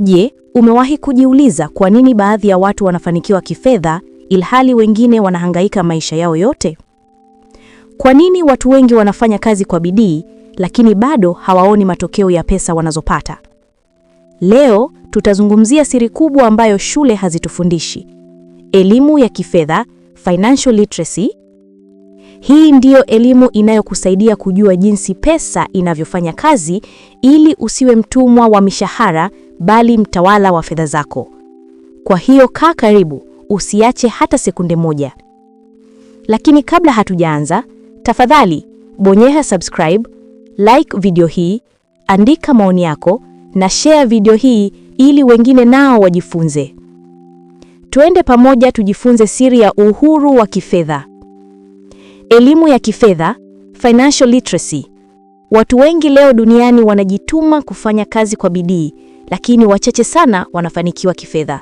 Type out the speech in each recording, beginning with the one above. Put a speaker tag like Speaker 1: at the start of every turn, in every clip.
Speaker 1: Je, umewahi kujiuliza kwa nini baadhi ya watu wanafanikiwa kifedha ilhali wengine wanahangaika maisha yao yote? Kwa nini watu wengi wanafanya kazi kwa bidii lakini bado hawaoni matokeo ya pesa wanazopata? Leo tutazungumzia siri kubwa ambayo shule hazitufundishi: elimu ya kifedha, financial literacy. Hii ndiyo elimu inayokusaidia kujua jinsi pesa inavyofanya kazi ili usiwe mtumwa wa mishahara bali mtawala wa fedha zako. Kwa hiyo kaa karibu, usiache hata sekunde moja. Lakini kabla hatujaanza, tafadhali bonyeza subscribe, like video hii, andika maoni yako na share video hii ili wengine nao wajifunze. Tuende pamoja tujifunze siri ya uhuru wa kifedha. Elimu ya kifedha, financial literacy. Watu wengi leo duniani wanajituma kufanya kazi kwa bidii lakini wachache sana wanafanikiwa kifedha.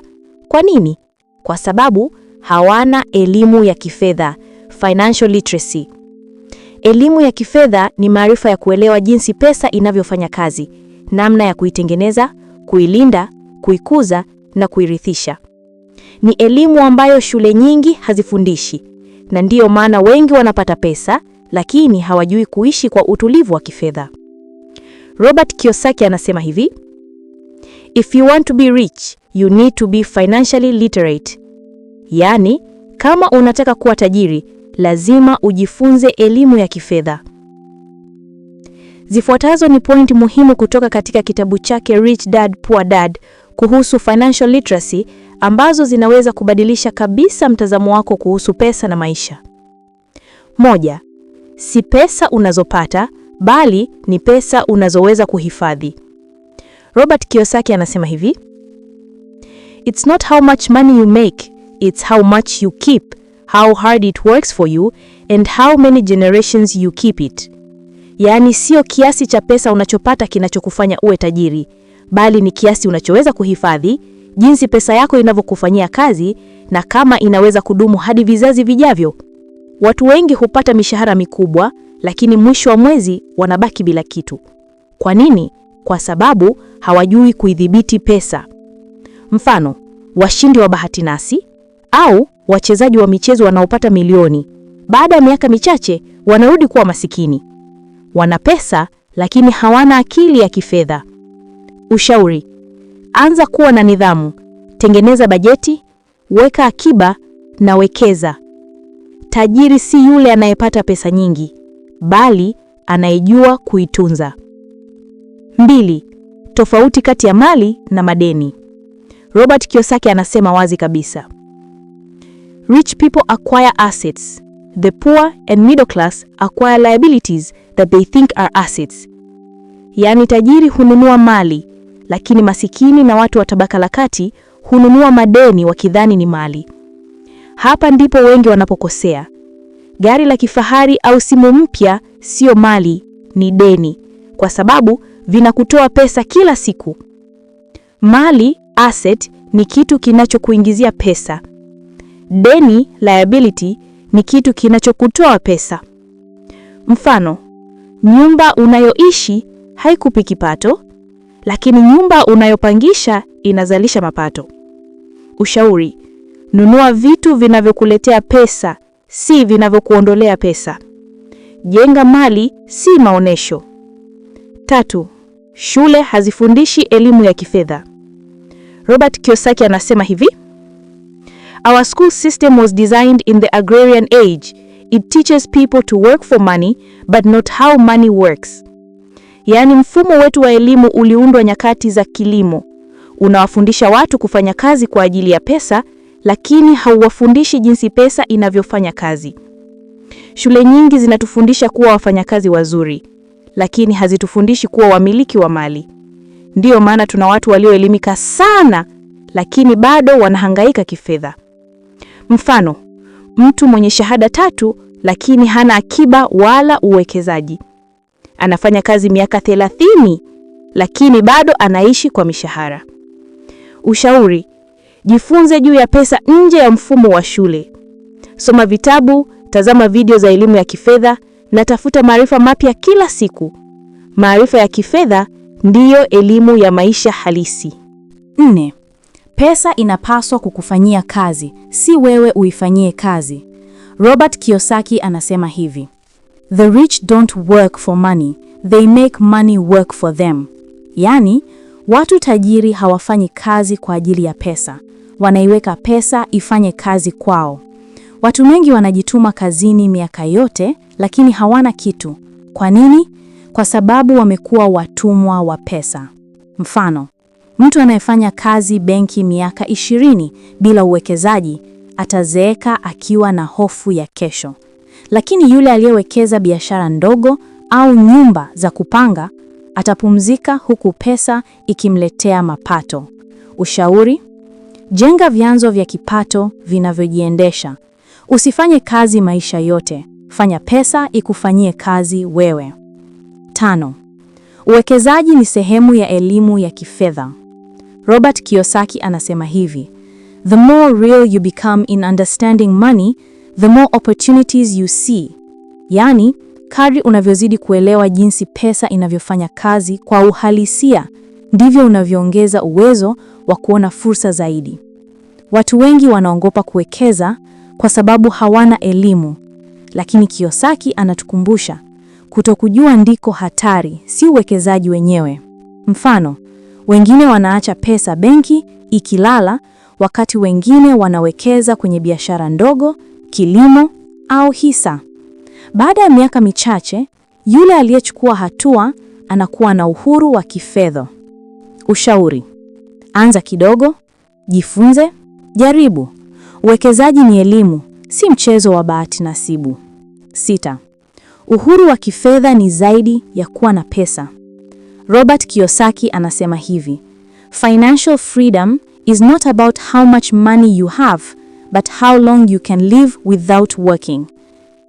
Speaker 1: Kwa nini? Kwa sababu hawana elimu ya kifedha, financial literacy. Elimu ya kifedha ni maarifa ya kuelewa jinsi pesa inavyofanya kazi, namna ya kuitengeneza, kuilinda, kuikuza na kuirithisha. Ni elimu ambayo shule nyingi hazifundishi, na ndiyo maana wengi wanapata pesa lakini hawajui kuishi kwa utulivu wa kifedha. Robert Kiyosaki anasema hivi:
Speaker 2: If you want to be rich, you need to be financially literate. Yaani, kama unataka kuwa tajiri, lazima ujifunze elimu ya kifedha. Zifuatazo ni pointi muhimu kutoka katika kitabu chake Rich Dad Poor Dad kuhusu financial literacy ambazo zinaweza kubadilisha kabisa mtazamo wako kuhusu pesa na maisha. Moja, si pesa unazopata bali ni pesa unazoweza kuhifadhi. Robert Kiyosaki anasema hivi, It's not how much money you make, it's how much you keep, how hard it works for you and how many generations you keep it. Yaani sio kiasi cha pesa unachopata kinachokufanya uwe tajiri, bali ni kiasi unachoweza kuhifadhi, jinsi pesa yako inavyokufanyia kazi na kama inaweza kudumu hadi vizazi vijavyo. Watu wengi hupata mishahara mikubwa, lakini mwisho wa mwezi wanabaki bila kitu. Kwa nini? Kwa sababu hawajui kuidhibiti pesa. Mfano, washindi wa bahati nasi au wachezaji wa michezo wanaopata milioni, baada ya miaka michache wanarudi kuwa masikini. Wana pesa lakini hawana akili ya kifedha. Ushauri: anza kuwa na nidhamu, tengeneza bajeti, weka akiba na wekeza. Tajiri si yule anayepata pesa nyingi, bali anayejua kuitunza. Mbili, tofauti kati ya mali na madeni. Robert Kiyosaki anasema wazi kabisa, rich people acquire assets, the poor and middle class acquire liabilities that they think are assets. Yaani, tajiri hununua mali, lakini masikini na watu wa tabaka la kati hununua madeni wakidhani ni mali. Hapa ndipo wengi wanapokosea. Gari la kifahari au simu mpya sio mali, ni deni, kwa sababu vinakutoa pesa kila siku. Mali asset ni kitu kinachokuingizia pesa. Deni liability ni kitu kinachokutoa pesa. Mfano, nyumba unayoishi haikupi kipato, lakini nyumba unayopangisha inazalisha mapato. Ushauri: nunua vitu vinavyokuletea pesa, si vinavyokuondolea pesa. Jenga mali, si maonesho. Tatu, shule hazifundishi elimu ya kifedha. Robert Kiyosaki anasema hivi, Our school system was designed in the agrarian age. It teaches people to work for money, but not how money works. Yaani, mfumo wetu wa elimu uliundwa nyakati za kilimo. Unawafundisha watu kufanya kazi kwa ajili ya pesa, lakini hauwafundishi jinsi pesa inavyofanya kazi. Shule nyingi zinatufundisha kuwa wafanyakazi wazuri, lakini hazitufundishi kuwa wamiliki wa mali. Ndiyo maana tuna watu walioelimika sana, lakini bado wanahangaika kifedha. Mfano, mtu mwenye shahada tatu lakini hana akiba wala uwekezaji. Anafanya kazi miaka thelathini lakini bado anaishi kwa mishahara. Ushauri: jifunze juu ya pesa nje ya mfumo wa shule. Soma vitabu, tazama video za elimu ya kifedha natafuta maarifa mapya kila siku. Maarifa ya kifedha ndiyo elimu ya maisha halisi. Nne, pesa inapaswa kukufanyia kazi, si wewe uifanyie kazi. Robert Kiyosaki anasema hivi, The rich don't work for money, they make money work for them. Yaani, watu tajiri hawafanyi kazi kwa ajili ya pesa, wanaiweka pesa ifanye kazi kwao. Watu wengi wanajituma kazini miaka yote lakini hawana kitu. Kwa nini? Kwa sababu wamekuwa watumwa wa pesa. Mfano, mtu anayefanya kazi benki miaka ishirini bila uwekezaji atazeeka akiwa na hofu ya kesho, lakini yule aliyewekeza biashara ndogo au nyumba za kupanga atapumzika huku pesa ikimletea mapato. Ushauri: jenga vyanzo vya kipato vinavyojiendesha. Usifanye kazi maisha yote. Fanya pesa ikufanyie kazi wewe. Tano, uwekezaji ni sehemu ya elimu ya kifedha. Robert Kiyosaki anasema hivi, the more real you become in understanding money, the more opportunities you see. Yaani, kadri unavyozidi kuelewa jinsi pesa inavyofanya kazi kwa uhalisia, ndivyo unavyoongeza uwezo wa kuona fursa zaidi. Watu wengi wanaogopa kuwekeza kwa sababu hawana elimu lakini Kiyosaki anatukumbusha kutokujua ndiko hatari, si uwekezaji wenyewe. Mfano, wengine wanaacha pesa benki ikilala, wakati wengine wanawekeza kwenye biashara ndogo, kilimo au hisa. Baada ya miaka michache, yule aliyechukua hatua anakuwa na uhuru wa kifedha. Ushauri: anza kidogo, jifunze, jaribu. Uwekezaji ni elimu, si mchezo wa bahati nasibu. Sita, uhuru wa kifedha ni zaidi ya kuwa na pesa. Robert Kiyosaki anasema hivi, Financial freedom is not about how much money you have, but how long you can live without working.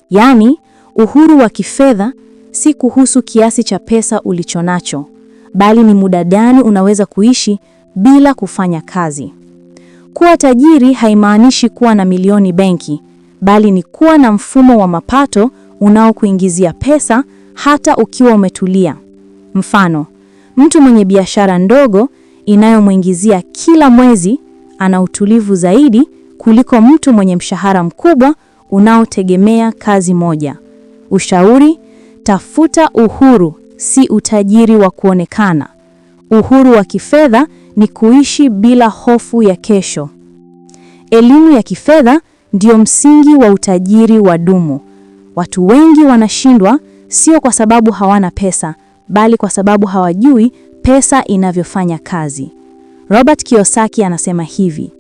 Speaker 2: Yaani, uhuru wa kifedha si kuhusu kiasi cha pesa ulichonacho, bali ni muda gani unaweza kuishi bila kufanya kazi. Kuwa tajiri haimaanishi kuwa na milioni benki, bali ni kuwa na mfumo wa mapato unaokuingizia pesa hata ukiwa umetulia. Mfano, mtu mwenye biashara ndogo inayomwingizia kila mwezi ana utulivu zaidi kuliko mtu mwenye mshahara mkubwa unaotegemea kazi moja. Ushauri: tafuta uhuru, si utajiri wa kuonekana. Uhuru wa kifedha ni kuishi bila hofu ya kesho. Elimu ya kifedha ndio msingi wa utajiri wa dumu. Watu wengi wanashindwa sio kwa sababu hawana pesa, bali kwa sababu hawajui pesa inavyofanya kazi. Robert Kiyosaki anasema hivi,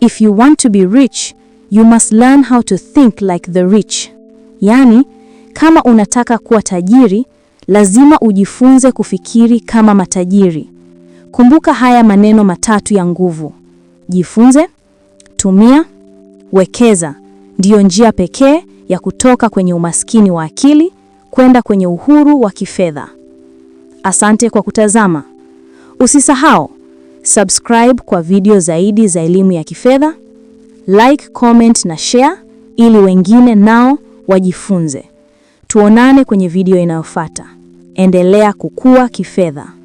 Speaker 2: If you want to be rich, you must learn how to think like the rich. Yaani, kama unataka kuwa tajiri, lazima ujifunze kufikiri kama matajiri. Kumbuka haya maneno matatu ya nguvu: jifunze, tumia Wekeza ndiyo njia pekee ya kutoka kwenye umaskini wa akili kwenda kwenye uhuru wa kifedha. Asante kwa kutazama. Usisahau subscribe kwa video zaidi za elimu ya kifedha, like, comment na share ili wengine nao wajifunze. Tuonane kwenye video inayofuata. Endelea kukua kifedha.